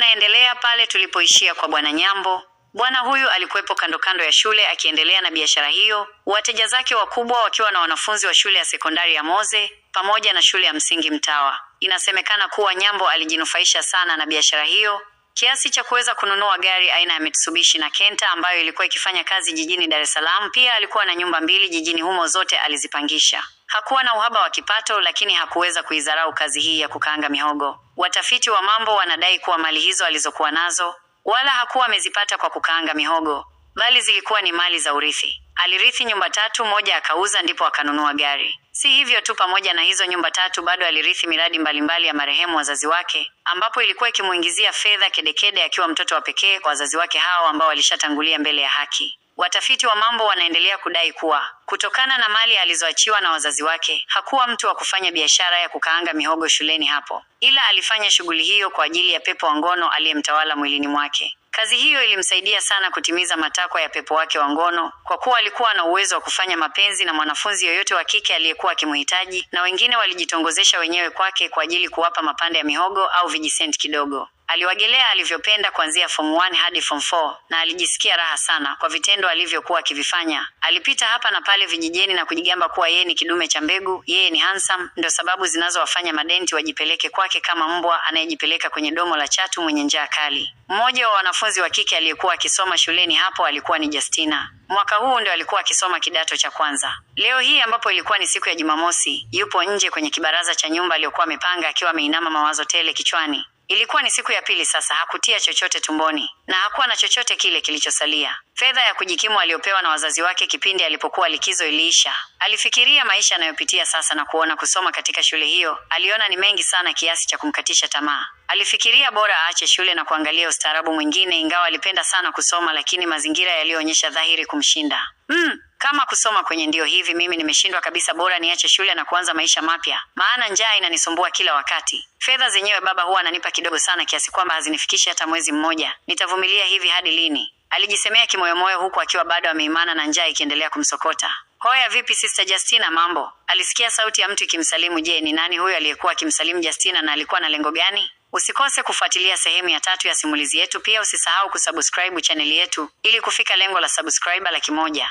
tunaendelea pale tulipoishia kwa Bwana Nyambo. Bwana huyu alikuwepo kando kando ya shule akiendelea na biashara hiyo, wateja zake wakubwa wakiwa na wanafunzi wa shule ya sekondari ya Moze pamoja na shule ya msingi Mtawa. Inasemekana kuwa Nyambo alijinufaisha sana na biashara hiyo kiasi cha kuweza kununua gari aina ya Mitsubishi na Kenta ambayo ilikuwa ikifanya kazi jijini Dar es Salaam. Pia alikuwa na nyumba mbili jijini humo, zote alizipangisha. Hakuwa na uhaba wa kipato, lakini hakuweza kuidharau kazi hii ya kukaanga mihogo. Watafiti wa mambo wanadai kuwa mali hizo alizokuwa nazo wala hakuwa amezipata kwa kukaanga mihogo, bali zilikuwa ni mali za urithi. Alirithi nyumba tatu, moja akauza, ndipo akanunua gari. Si hivyo tu, pamoja na hizo nyumba tatu bado alirithi miradi mbalimbali mbali ya marehemu wazazi wake, ambapo ilikuwa ikimuingizia fedha kedekede akiwa mtoto wa pekee kwa wazazi wake hao ambao walishatangulia mbele ya haki. Watafiti wa mambo wanaendelea kudai kuwa kutokana na mali alizoachiwa na wazazi wake, hakuwa mtu wa kufanya biashara ya kukaanga mihogo shuleni hapo, ila alifanya shughuli hiyo kwa ajili ya pepo wa ngono aliyemtawala mwilini mwake. Kazi hiyo ilimsaidia sana kutimiza matakwa ya pepo wake wa ngono, kwa kuwa alikuwa na uwezo wa kufanya mapenzi na mwanafunzi yoyote wa kike aliyekuwa akimhitaji, na wengine walijitongozesha wenyewe kwake kwa ajili kuwapa mapande ya mihogo au vijisenti kidogo. Aliwagelea alivyopenda kuanzia form 1 hadi form 4 na alijisikia raha sana kwa vitendo alivyokuwa akivifanya. Alipita hapa na pale vijijini na kujigamba kuwa yeye ni kidume cha mbegu, yeye ni handsome, ndio sababu zinazowafanya madenti wajipeleke kwake kama mbwa anayejipeleka kwenye domo la chatu mwenye njaa kali. Mmoja wa wanafunzi wa kike aliyekuwa akisoma shuleni hapo alikuwa ni Justina. Mwaka huu ndio alikuwa akisoma kidato cha kwanza. Leo hii ambapo ilikuwa ni siku ya Jumamosi, yupo nje kwenye kibaraza cha nyumba aliyokuwa amepanga akiwa ameinama mawazo tele kichwani. Ilikuwa ni siku ya pili sasa, hakutia chochote tumboni na hakuwa na chochote kile kilichosalia. Fedha ya kujikimu aliyopewa na wazazi wake kipindi alipokuwa likizo iliisha. Alifikiria maisha anayopitia sasa na kuona kusoma katika shule hiyo aliona ni mengi sana kiasi cha kumkatisha tamaa. Alifikiria bora aache shule na kuangalia ustaarabu mwingine, ingawa alipenda sana kusoma, lakini mazingira yaliyoonyesha dhahiri kumshinda. Mm. Kama kusoma kwenye ndio hivi, mimi nimeshindwa kabisa, bora niache shule na kuanza maisha mapya, maana njaa inanisumbua kila wakati. Fedha zenyewe baba huwa ananipa kidogo sana, kiasi kwamba hazinifikishi hata mwezi mmoja. Nitavumilia hivi hadi lini? Alijisemea kimoyomoyo, huku akiwa bado ameimana na njaa ikiendelea kumsokota. Hoya, vipi Sister Justina, mambo? Alisikia sauti ya mtu ikimsalimu. Je, ni nani huyo aliyekuwa akimsalimu Justina na alikuwa na lengo gani? Usikose kufuatilia sehemu ya tatu ya simulizi yetu. Pia usisahau kusubscribe chaneli yetu ili kufika lengo la subscriber laki moja.